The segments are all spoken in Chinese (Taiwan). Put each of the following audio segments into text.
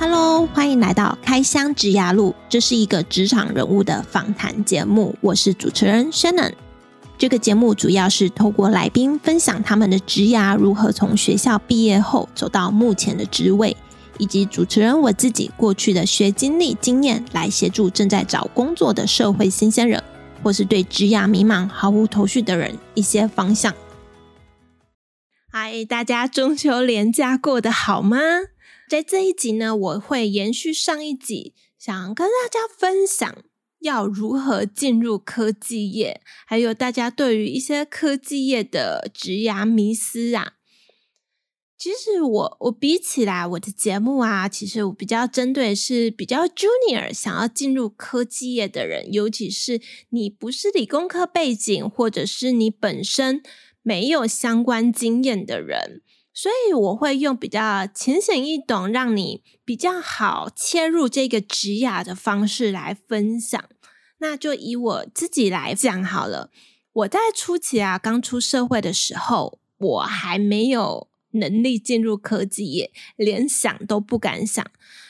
哈嘍，歡迎來到開箱職涯路。這是一個職場人物的訪談節目，我是主持人 Shannon。這個節目主要是透過來賓分享他們的職涯如何從學校畢業後走到目前的職位，以及主持人我自己過去的學經歷經驗，來協助正在找工作的社會新鮮人，或是對職涯迷茫毫無頭緒的人一些方向。Hi，大家中秋連假過得好嗎？在這一集呢，我會延續上一集，想跟大家分享要如何進入科技業，還有大家對於一些科技業的職涯迷思啊。其實我我比起來我的節目啊，其實我比較針對是比較 junior 想要進入科技業的人，尤其是你不是理工科背景，或者是你本身沒有相關經驗的人。所以我會用比較淺顯易懂，讓你比較好切入這個職涯的方式來分享。那就以我自己來講好了。我在初期啊，剛出社會的時候，我還沒有能力進入科技業，也連想都不敢想。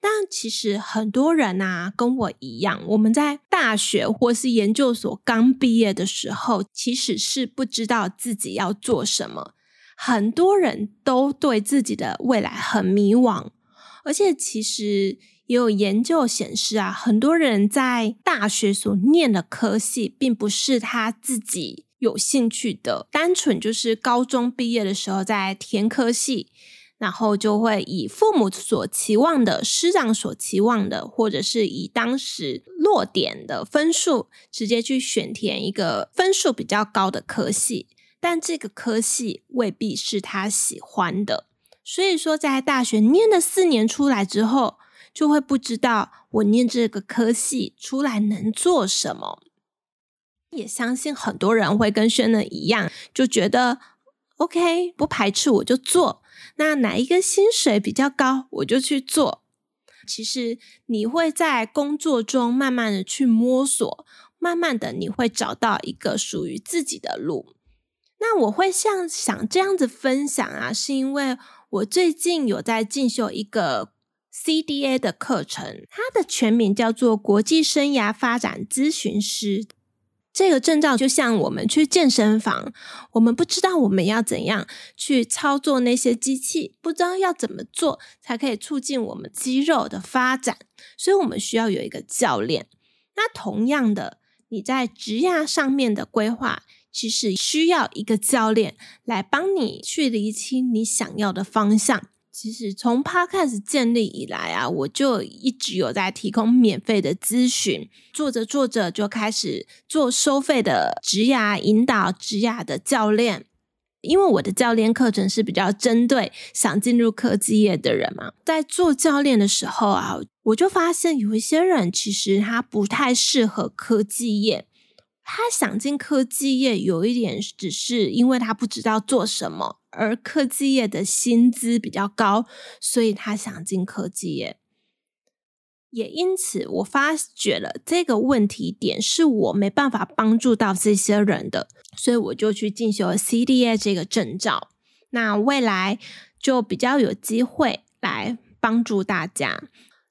但其實很多人啊，跟我一樣，我們在大學或是研究所剛畢業的時候，其實是不知道自己要做什麼。很多人都對自己的未來很迷惘，而且其實也有研究顯示啊，很多人在大學所念的科系，並不是他自己有興趣的，單純就是高中畢業的時候在填科系，然後就會以父母所期望的、師長所期望的，或者是以當時落點的分數，直接去選填一個分數比較高的科系。但這個科系未必是他喜歡的，所以說在大學念了四年出來之後，就會不知道我念這個科系出來能做什麼。也相信很多人會跟 Shannon 一樣，就覺得 OK 不排斥我就做，那哪一個薪水比較高我就去做。其實你會在工作中慢慢的去摸索，慢慢的你會找到一個屬於自己的路。那我會像想這樣子分享啊，是因為我最近有在進修一個 CDA 的課程，它的全名叫做國際生涯發展諮詢師。這個證照就像我們去健身房，我們不知道我們要怎樣去操作那些機器，不知道要怎麼做才可以促進我們肌肉的發展，所以我們需要有一個教練。那同樣的，你在職業上面的規劃。其實需要一個教練來幫你去理清你想要的方向。其實從 Podcast 建立以來啊，我就一直有在提供免費的諮詢，做着做着就開始做收費的職涯引導、職涯的教練。因為我的教練課程是比較針對想進入科技業的人嘛，啊，在做教練的時候啊，我就發現有一些人其實他不太適合科技業。他想進科技業，有一點只是因為他不知道做什麼，而科技業的薪資比較高，所以他想進科技業。也因此，我發覺了這個問題點是我沒辦法幫助到這些人的，所以我就去進修了 CDA 這個證照，那未來就比較有機會來幫助大家。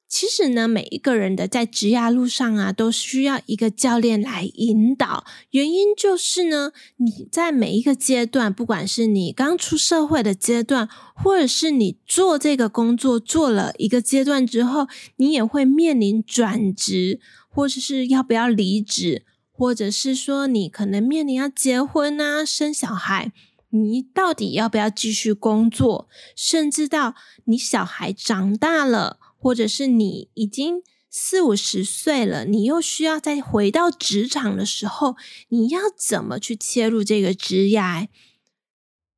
其實呢，每一個人的在職業路上啊，都需要一個教練來引導。原因就是呢，你在每一個階段，不管是你剛出社會的階段，或者是你做這個工作做了一個階段之後，你也會面臨轉職，或者是要不要離職，或者是說你可能面臨要結婚啊、生小孩，你到底要不要繼續工作？甚至到你小孩長大了。或者是你已經四五十歲了，你又需要再回到職場的時候，你要怎麼去切入這個職涯？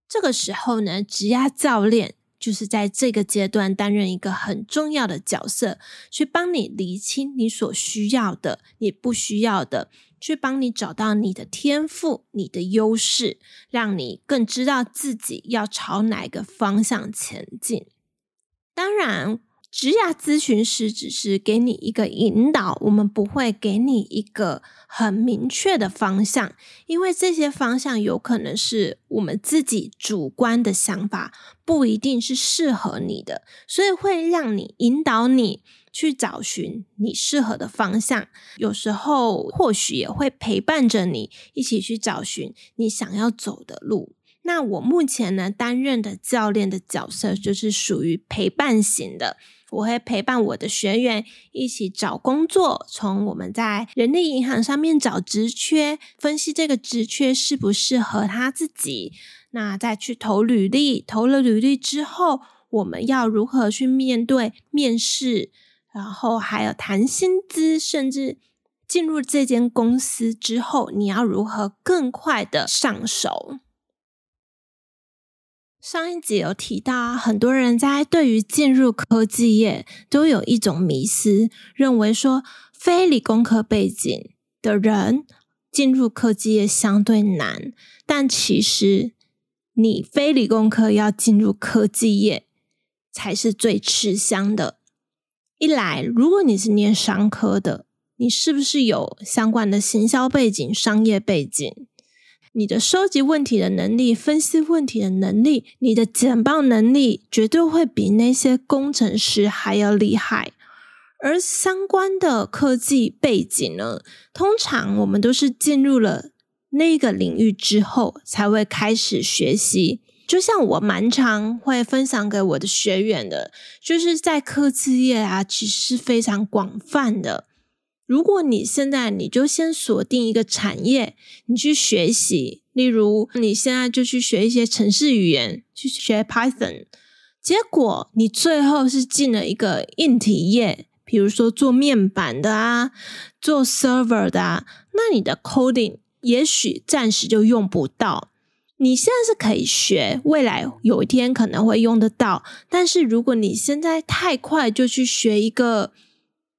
這個時候呢，職涯教練就是在這個階段擔任一個很重要的角色，去幫你釐清你所需要的、你不需要的，去幫你找到你的天賦、你的優勢，讓你更知道自己要朝哪個方向前進。當然，職業諮詢師只是給你一個引導，我們不會給你一個很明確的方向，因為這些方向有可能是我們自己主觀的想法，不一定是適合你的，所以會讓你引導你去找尋你適合的方向。有時候或許也會陪伴着你一起去找尋你想要走的路。那我目前呢，擔任的教練的角色就是屬於陪伴型的。我會陪伴我的學員一起找工作，從我們在人力銀行上面找職缺，分析這個職缺適不適合他自己，那再去投履歷，投了履歷之後，我們要如何去面對面試，然後還有談薪資，甚至進入這間公司之後，你要如何更快的上手。上一集有提到啊，很多人在對於進入科技業都有一種迷思，認為說非理工科背景的人進入科技業相對難，但其實你非理工科要進入科技業才是最吃香的。一來，如果你是念商科的，你是不是有相關的行銷背景、商業背景？你的收集問題的能力、分析問題的能力、你的簡報能力，絕對會比那些工程師還要厲害。而相關的科技背景呢，通常我們都是進入了那個領域之後，才會開始學習。就像我蠻常會分享給我的學員的，就是在科技業啊，其實是非常廣泛的。如果你現在你就先鎖定一個產業，你去學習，例如你現在就去學一些程式語言，去學 Python，結果你最後是進了一個硬體業，比如說做面板的啊、做 server 的啊，那你的 coding 也許暫時就用不到。你現在是可以學，未來有一天可能會用得到。但是如果你現在太快就去學一個，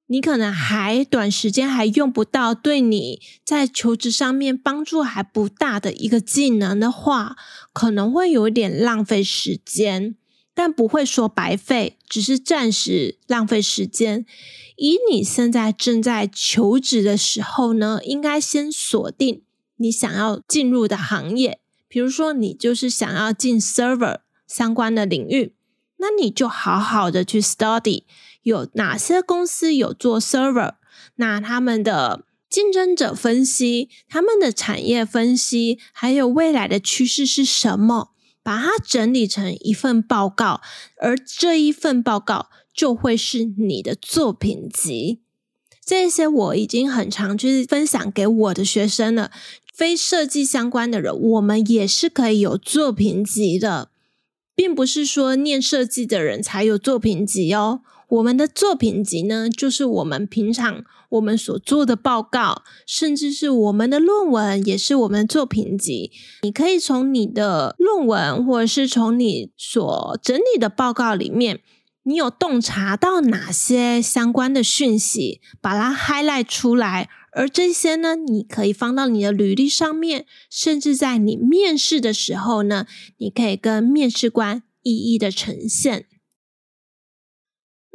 你可能還短時間還用不到，對你在求職上面幫助還不大的一個技能的話，可能會有點浪費時間，但不會說白費，只是暫時浪費時間。以你現在正在求職的時候呢，應該先鎖定你想要進入的行業，比如說你就是想要進 server 相關的領域，那你就好好的去 study。有哪些公司有做 server？那他們的競爭者分析、他們的產業分析，還有未來的趨勢是什麼？把它整理成一份報告，而這一份報告就會是你的作品集。這些我已經很常去分享給我的學生了。非設計相關的人，我們也是可以有作品集的，並不是說念設計的人才有作品集哦。我們的作品集呢，就是我們平常我們所做的報告，甚至是我們的論文，也是我們作品集。你可以從你的論文，或者是從你所整理的報告裡面，你有洞察到哪些相關的訊息，把它 highlight 出來，而這些呢，你可以放到你的履歷上面，甚至在你面試的時候呢，你可以跟面試官一一的呈現。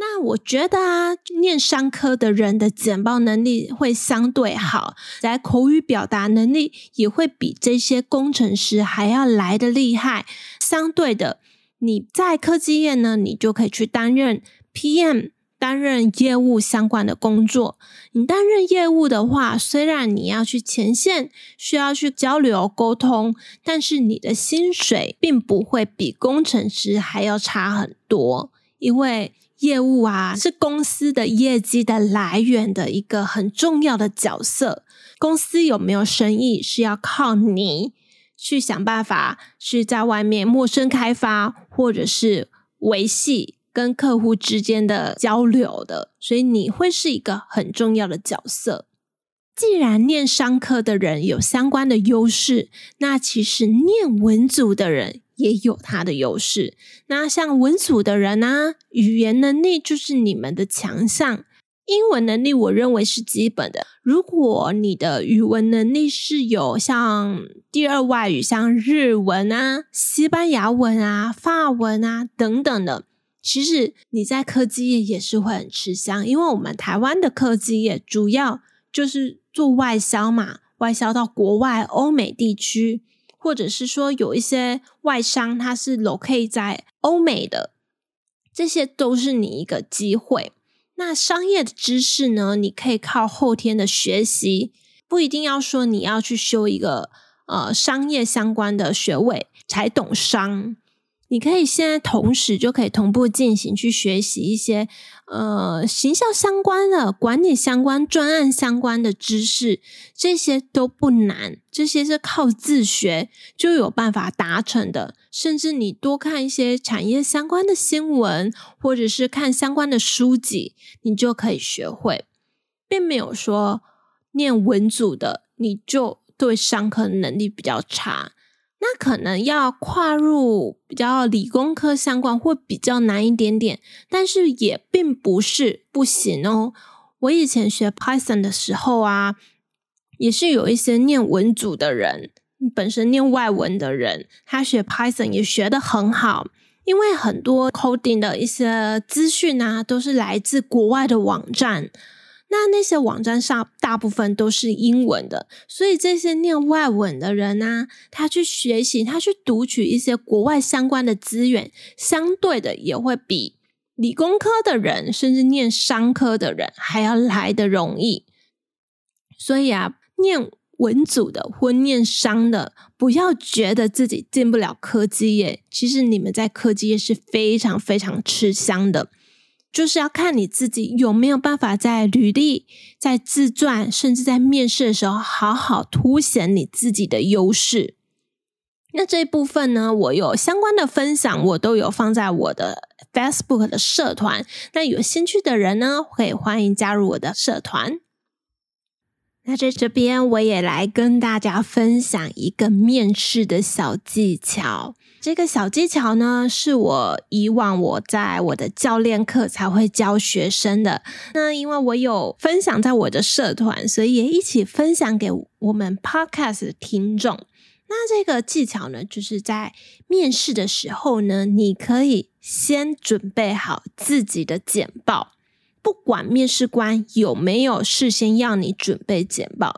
那我覺得啊，念商科的人的簡報能力會相對好，來口語表達能力也會比這些工程師還要來得厲害。相對的，你在科技業呢，你就可以去擔任 PM，擔任業務相關的工作。你擔任業務的話，雖然你要去前線，需要去交流溝通，但是你的薪水並不會比工程師還要差很多，因為，業務啊，是公司的業績的來源的一個很重要的角色。公司有沒有生意，是要靠你去想辦法去在外面陌生開發，或者是維繫跟客戶之間的交流的。所以你會是一個很重要的角色。既然念商科的人有相關的優勢，那其實念文組的人。也有它的優勢。那像文組的人呢、啊，語言能力就是你們的強項。英文能力我認為是基本的。如果你的語文能力是有像第二外語，像日文啊、西班牙文啊、法文啊等等的，其實你在科技業也是會很吃香，因為我們台灣的科技業主要就是做外銷嘛，外銷到國外，歐美地區。或者是說有一些外商，他是 locate 在歐美的，這些都是你一個機會。那商業的知識呢，你可以靠後天的學習，不一定要說你要去修一個，呃，商業相關的學位才懂商。你可以現在同時就可以同步進行去學習一些。呃，行銷相關的、管理相關、專案相關的知識，這些都不難，這些是靠自學就有辦法達成的。甚至你多看一些產業相關的新聞，或者是看相關的書籍，你就可以學會，並沒有說唸文組的你就對商科能力比較差。那可能要跨入比較理工科相關會比較難一點點，但是也並不是不行哦。我以前學 Python 的時候啊，也是有一些念文組的人，本身念外文的人，他學 Python 也學得很好，因為很多 coding 的一些資訊啊，都是來自國外的網站。那那些網站上大部分都是英文的，所以這些念外文的人呢、啊，他去學習，他去讀取一些國外相關的資源，相對的也會比理工科的人，甚至念商科的人還要來得容易。所以啊，念文組的或念商的，不要覺得自己進不了科技業，其實你們在科技業是非常非常吃香的。就是要看你自己有沒有辦法在履歷、在自傳，甚至在面試的時候，好好凸顯你自己的優勢。那這一部分呢，我有相關的分享，我都有放在我的 Facebook 的社團。那有興趣的人呢，可以歡迎加入我的社團。那在這邊，我也來跟大家分享一個面試的小技巧。這個小技巧呢，是我以往我在我的教練課才會教學生的。那因為我有分享在我的社團，所以也一起分享給我們 Podcast 的聽眾。那這個技巧呢，就是在面試的時候呢，你可以先準備好自己的簡報。不管面試官有沒有事先要你準備簡報，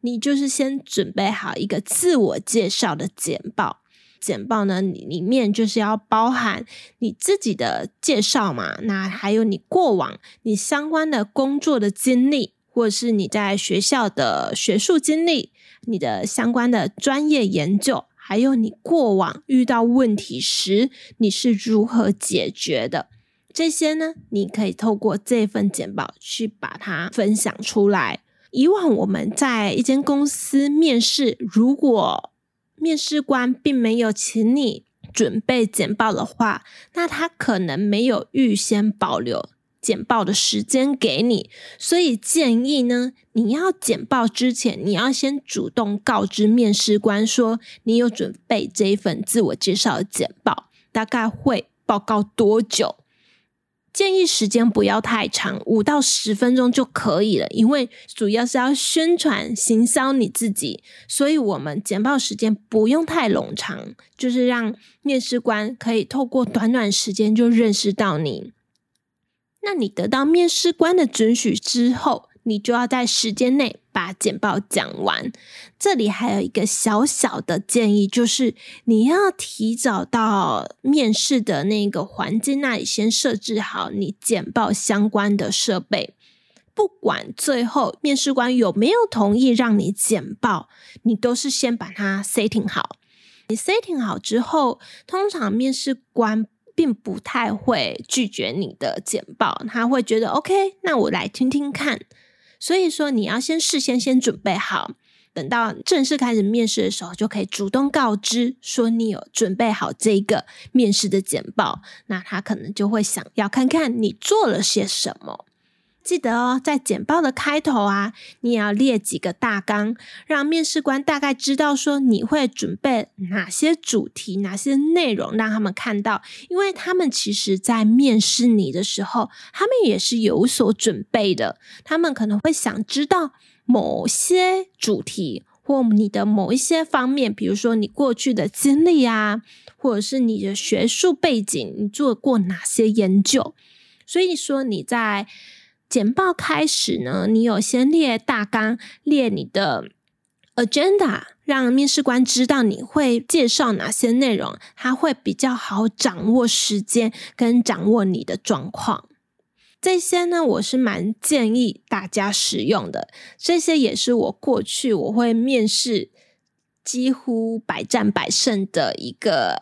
你就是先準備好一個自我介紹的簡報。簡報呢，裡面就是要包含你自己的介紹嘛，那還有你過往你相關的工作的經歷，或者是你在學校的學術經歷，你的相關的專業研究，還有你過往遇到問題時你是如何解決的。這些呢，你可以透過這份簡報去把它分享出來。以往我們在一間公司面試，如果面試官並沒有請你準備簡報的話，那他可能沒有預先保留簡報的時間給你，所以建議呢，你要簡報之前，你要先主動告知面試官說，你有準備這一份自我介紹的簡報，大概會報告多久。建議時間不要太長，五到十分鐘就可以了。因為主要是要宣傳行銷你自己，所以我們簡報時間不用太冗長，就是讓面試官可以透過短短時間就認識到你。那你得到面試官的准許之後。你就要在時間內把簡報講完。這裡還有一個小小的建議，就是你要提早到面試的那個環境那裡，先設置好你簡報相關的設備。不管最後面試官有沒有同意讓你簡報，你都是先把它 setting 好。你 setting 好之後，通常面試官並不太會拒絕你的簡報，他會覺得 OK，那我來聽聽看。所以說，你要先事先先準備好，等到正式開始面試的時候，就可以主動告知說你有準備好這個面試的簡報，那他可能就會想要看看你做了些什麼。記得哦，在簡報的開頭啊，你也要列幾個大綱，讓面試官大概知道說你會準備哪些主題、哪些內容，讓他們看到。因為他們其實在面試你的時候，他們也是有所準備的。他們可能會想知道某些主題或你的某一些方面，比如說你過去的經歷啊，或者是你的學術背景，你做過哪些研究。所以說你在簡報開始呢，你有先列大綱，列你的 agenda，讓面試官知道你會介紹哪些內容，他會比較好掌握時間跟掌握你的狀況。這些呢，我是蠻建議大家使用的。這些也是我過去我會面試幾乎百戰百勝的一個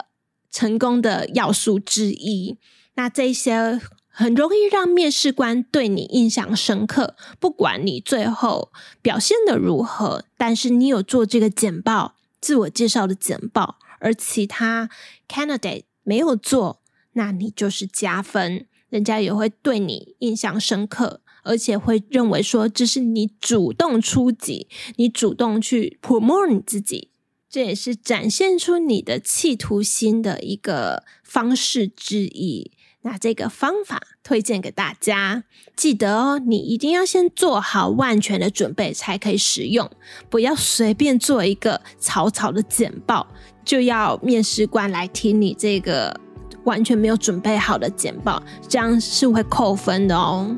成功的要素之一。那這些。很容易讓面試官對你印象深刻，不管你最後表現得如何，但是你有做這個簡報、自我介紹的簡報，而其他 candidate 沒有做，那你就是加分，人家也會對你印象深刻，而且會認為說這是你主動出擊，你主動去 promote 你自己，這也是展現出你的企圖心的一個方式之一。那這個方法推薦給大家，記得哦，你一定要先做好萬全的準備才可以使用，不要隨便做一個草草的簡報，就要面試官來聽你這個完全沒有準備好的簡報，這樣是會扣分的哦。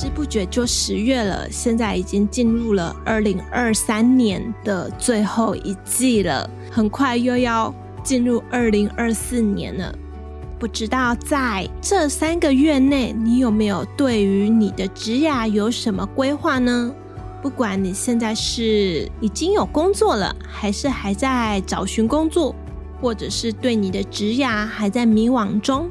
不知不覺就十月了，現在已經進入了二零二三年的最後一季了，很快又要進入二零二四年了。不知道在這三個月內，你有沒有對於你的職涯有什麼規劃呢？不管你現在是已經有工作了，還是還在找尋工作，或者是對你的職涯還在迷惘中。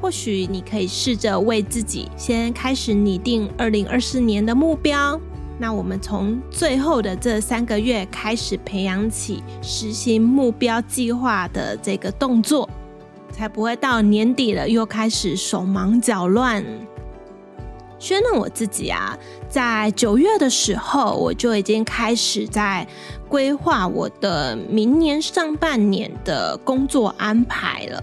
或許，你可以試着為自己先開始擬定二零二四年的目標。那我們從最後的這三個月開始培養起實行目標計劃的這個動作，才不會到年底了又開始手忙腳亂。宣讓我自己啊，在九月的時候，我就已經開始在規劃我的明年上半年的工作安排了。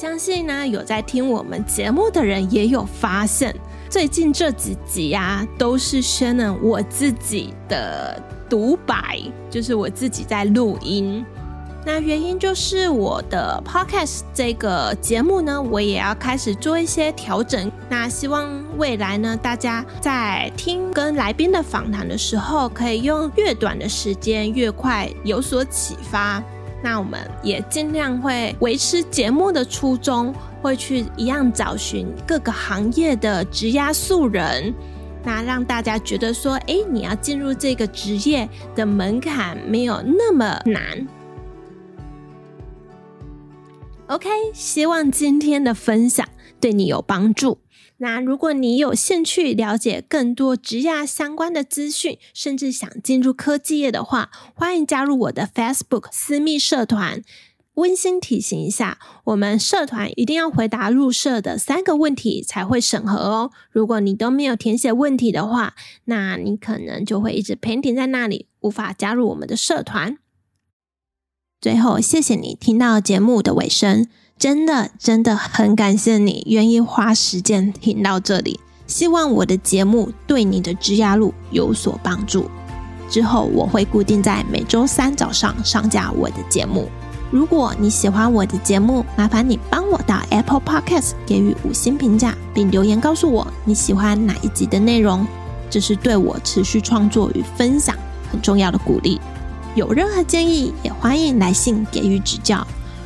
相信呢，有在聽我們節目的人也有發現，最近這幾集呀、啊、都是 Shannon 我自己的獨白，就是我自己在錄音。那原因就是我的 podcast 這個節目呢，我也要開始做一些調整。那希望未來呢，大家在聽跟來賓的訪談的時候，可以用越短的時間越快有所啟發。那我們也盡量會維持節目的初衷，會去一樣找尋各個行業的職涯素人，那讓大家覺得說，哎，你要進入這個職業的門檻沒有那麼難。OK，希望今天的分享對你有幫助。那如果你有興趣了解更多職涯相關的資訊，甚至想進入科技業的話，歡迎加入我的 Facebook 私密社團。溫馨提醒一下，我們社團一定要回答入社的三個問題才會審核哦。如果你都沒有填寫問題的話，那你可能就會一直 pending 在那裡，無法加入我們的社團。最後，謝謝你聽到節目的尾聲。真的真的很感謝你願意花時間聽到這裡，希望我的節目對你的職涯路有所幫助。之後我會固定在每週三早上上架我的節目。如果你喜歡我的節目，麻煩你幫我到 Apple Podcast 給予五星評價，並留言告訴我你喜歡哪一集的內容。這是對我持續創作與分享很重要的鼓勵。有任何建議，也歡迎來信給予指教。